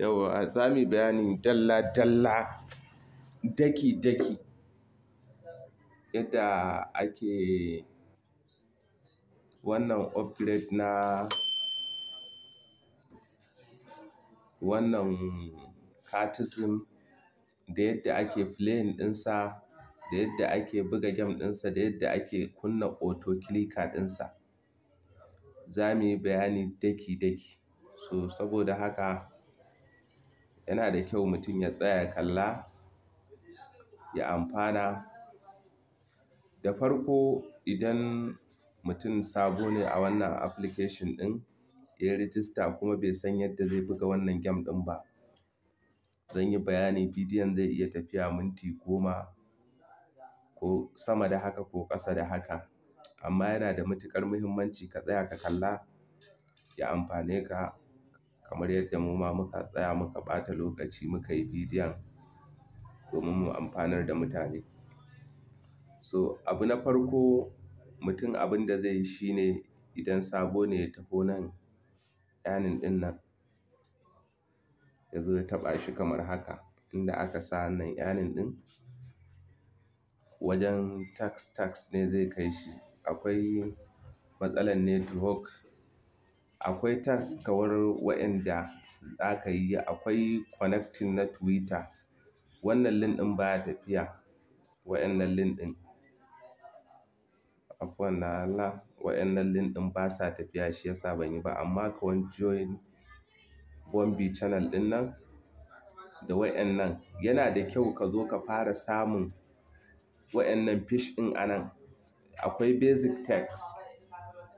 Yawa za mu yi bayani dalla dalla, daki daki yadda ake wannan upgrade na wannan cathism da yadda ake playing ɗinsa, da yadda ake buga game ɗinsa, da yadda ake kunna auto ɗinsa. Za mu yi bayani daki daki. So saboda haka yana da kyau mutum ya tsaya ya kalla ya amfana da farko idan mutum sabo ne a wannan application ɗin ya rijista kuma bai san yadda zai buga wannan game ɗin ba zan yi bayani bidiyon zai iya tafiya minti goma ko sama da haka ko ƙasa da haka amma yana da matuƙar muhimmanci ka tsaya ka kalla ya amfane ka kamar yadda mu ma muka tsaya muka ɓata lokaci muka yi bidiyon domin mu amfanar da mutane. So abu na farko mutum abin da zai yi shi ne idan sabo ne ya taho nan yanin ɗin nan ya zo ya taɓa shi kamar haka inda aka sa nan yanin ɗin wajen tax tax ne zai kai shi. Akwai matsalar network Akwai task kamar waɗanda za ka yi. Akwai connecting na Twitter. Wannan link ɗin baya tafiya. Waɗannan link ɗin. Afuwan na Allah. wa'innan link ɗin basa tafiya shi yasa ban yi ba amma kaman join Bombi channel ɗin nan da waɗannan yana da kyau ka zo ka fara samun waɗannan fish ɗin anan. Akwai basic text,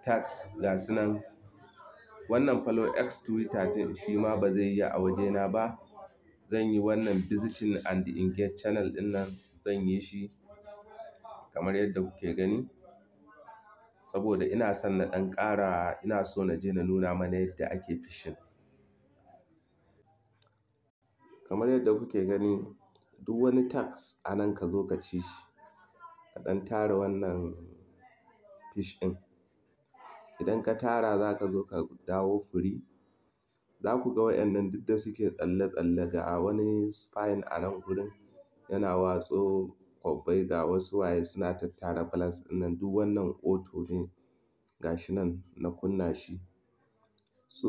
text ga su nan. wannan follow x twitter din shi ma ba zai yi a wajena ba zan yi wannan visiting and engage channel din nan zan yi shi kamar yadda kuke gani saboda ina son na ɗan ƙara ina so na je na nuna mana yadda ake fishing kamar yadda kuke gani duk wani tax anan ka zo ka ci shi ka ɗan tara wannan fish ɗin Idan ka tara za ka zo ka dawo firi Za ku ga waɗannan duk da suke tsalle-tsalle ga wani spine a nan gurin yana watso kwabbai ga wasu waye suna tattara balance nan duk wannan auto ne gashi nan na kunna shi. So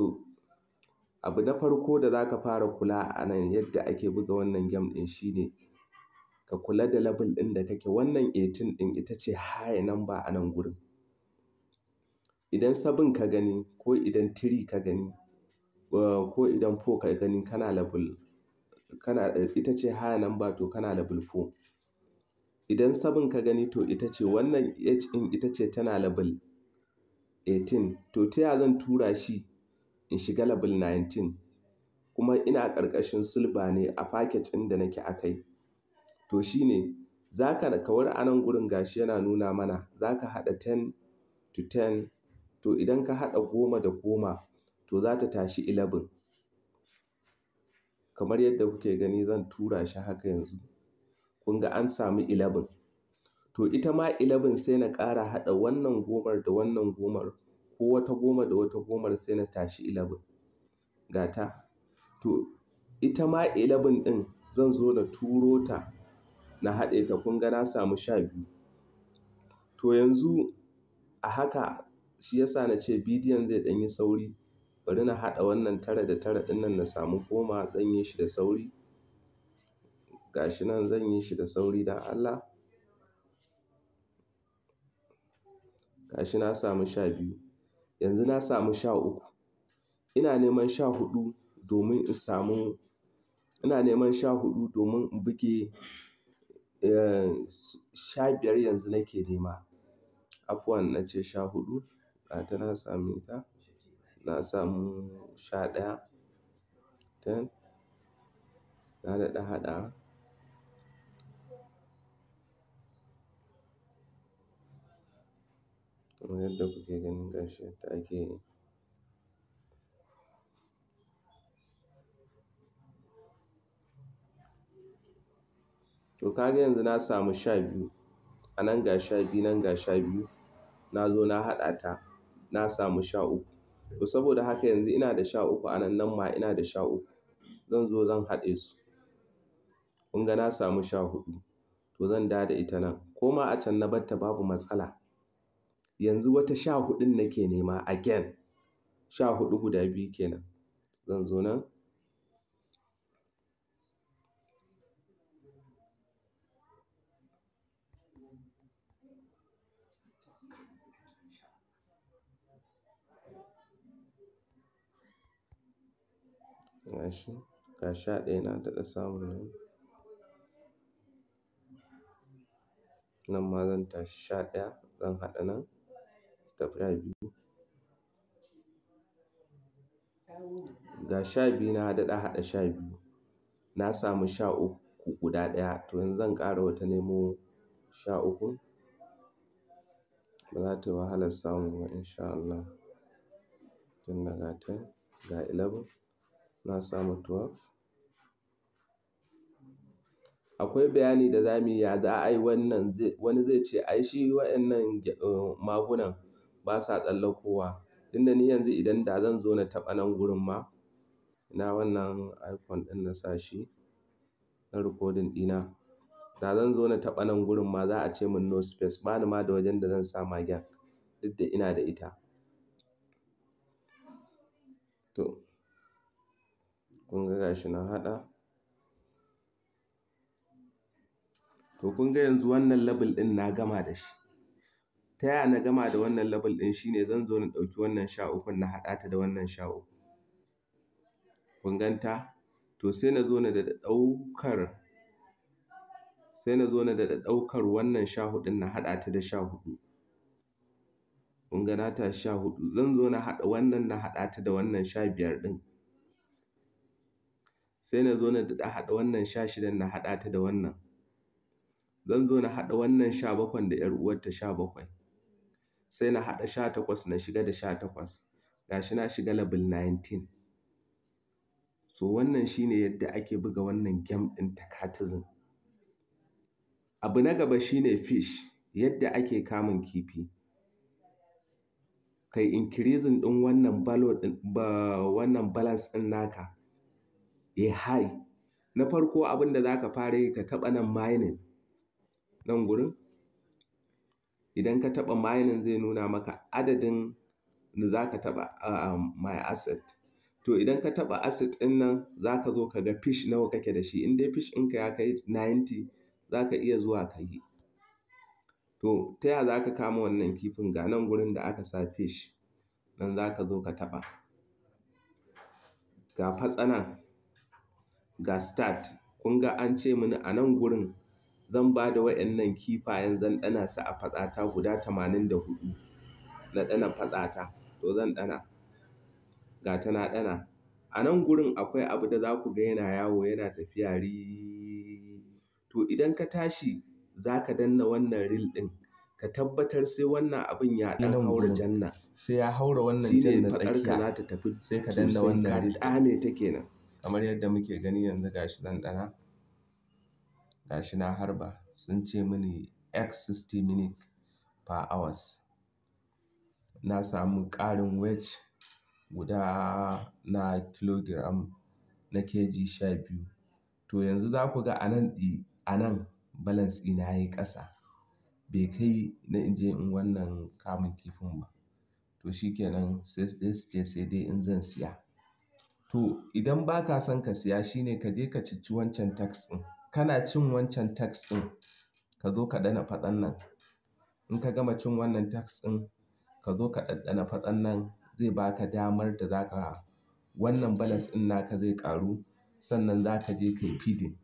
abu na farko da za ka fara kula a nan yadda ake buga wannan game ɗin shi ne ka kula da level ɗin da kake. Wannan 18 ɗin ita ce high number a nan gurin. idan sabin ka gani ko idan tiri ka gani eh, ko idan fo ka gani kana level ita ce haya number to kana level fo. Idan sabin ka gani to ita ce wannan H ɗin ita ce tana level eighteen to ta ya zan tura shi in shiga level nineteen kuma ina ƙarƙashin silba ne a package ɗin da nake a kai. To shi ne za ka da a nan gurin gashi yana nuna mana za ka haɗa ten to ten to idan ka haɗa goma da goma to za ta tashi ilabin. Kamar yadda kuke gani zan tura shi haka yanzu. Kun ga an samu ilabin. To ita ma ilabin sai na ƙara haɗa wannan gomar da wannan gomar ko wata goma da wata gomar sai na tashi ilabin. Ga To ita ma ilabin ɗin zan zo na turo ta na haɗe ta kun ga na samu sha biyu. To yanzu a haka shi yasa na ce bidiyon zai ɗan yi sauri. Bari na haɗa wannan tara da tara ɗin nan na samu goma zan yi shi da sauri. Ga shi nan zan yi shi da sauri don Allah. Ga shi na samu sha biyu. Yanzu na samu sha uku. Ina neman sha huɗu domin in samu, ina neman sha huɗu domin in buge, eh, sha biyar yanzu nake nema. Afuwan na ce sha huɗu. ta na samu ta. Na samu sha ɗaya, ten. Na daɗa haɗawa. Kamar yadda kuke ganin gashi yadda ake yi. To ka ga yanzu na samu sha biyu. A nan ga sha biyu, nan ga sha biyu. Na zo na haɗa ta. na samu sha uku. To saboda haka yanzu ina da sha uku a nan, nan ma ina da sha uku. Zan zo zan haɗe su. Kun na samu sha hudu, To zan da da ita nan. ko ma a can na batta babu matsala. Yanzu wata sha huɗun nake nema again. Sha huɗu guda biyu kenan. Zan zo nan shi, ga sha ɗaya na daɗa samun nan. Nan ma zan tashi sha ɗaya, zan haɗa nan su tafi sha biyu. Ga sha biyu na daɗa haɗa sha biyu. Na samu sha uku guda ɗaya to yanzu zan ƙara wata nemo sha ukun. Ba za ta yi wahalar samu ba in sha Allah. Tun da gata ga eleven. na samu 12 akwai bayani da za mu yi ya za a yi wannan wani zai ce ai shi wa'annan eh, magunan ba sa tsallakowa tunda ni yanzu idan da zan zo na taɓa nan gurin ma na wannan icon ɗin na sa shi na recording ɗina da zan zo na taɓa nan gurin ma za a ce min no space ba ni ma da wajen da zan sa magen duk da ina da ita to kun ga gashi na haɗa to kun ga yanzu wannan label ɗin na gama da shi ta yaya na gama da wannan label ɗin shine zan zo na ɗauki wannan sha ukun na haɗa ta da wannan sha uku kun ganta to sai na zo na da ɗaukar sai na zo na da ɗaukar wannan sha huɗun na haɗa ta da sha huɗu kun na sha huɗu zan zo na haɗa wannan na haɗa ta da wannan sha biyar ɗin sai na zo na daɗa haɗa wannan sha shidan na haɗa ta da wannan zan zo na haɗa wannan sha bakwan da ‘yar uwarta sha bakwai sai na haɗa sha takwas na shiga da sha takwas shi na shiga labil 19 so wannan shi ne yadda ake buga wannan gem ɗin takatizin abu na gaba shi ne fish yadda ake kamun kifi kai increasing ɗin wannan balance ɗin naka ya eh, hari. Na farko abin da za ka fara yi ka taɓa nan mining nan gurin. Idan ka taɓa mining zai nuna maka adadin da za ka taɓa um, my asset. To idan ka taɓa asset ɗin nan za ka zo ka ga fish nawa kake da shi. In dai fish ɗinka ya kai ninety za ka iya zuwa ka yi. To ta ya za ka kama wannan kifin ga nan gurin da aka sa fish nan za ka zo ka taɓa. Ga fatsa nan ga start kun ga an ce mini a nan gurin zan ba da wa'yannan kifayen zan ɗana su a fatsata guda tamanin da huɗu na ɗana fatsata to zan ɗana ga tana ɗana a nan gurin akwai abu da za ku ga yana yawo yana tafiya ri to idan ka tashi za ka danna wannan reel ɗin ka tabbatar sai wannan abin ya ɗan haura janna sai ya haura wannan janna tsakiya sai ka danna wannan reel ɗame ta kenan Kamar yadda muke gani yanzu ga shi nan ɗana, ga shi na harba sun ce mini x sixty minute per hours. Na samu ƙarin weight guda na kilogiram na kg sha biyu. To yanzu za ku ga a nan ɗi, a nan balance ɗina yayi ƙasa. Bai kai na in je in wannan kamun kifin ba. To shi kenan sai su ce sai dai in zan siya. To idan ba ka son ka siya shi ne ka je ka cicci wancan tax ɗin. Kana cin wancan tax ɗin ka zo ka ɗana faɗan nan. In ka gama cin wannan tax ɗin ka zo ka ɗanɗana faɗan nan zai baka damar da za ka wannan balance ɗin naka zai ƙaru sannan za ka je ka yi feeding.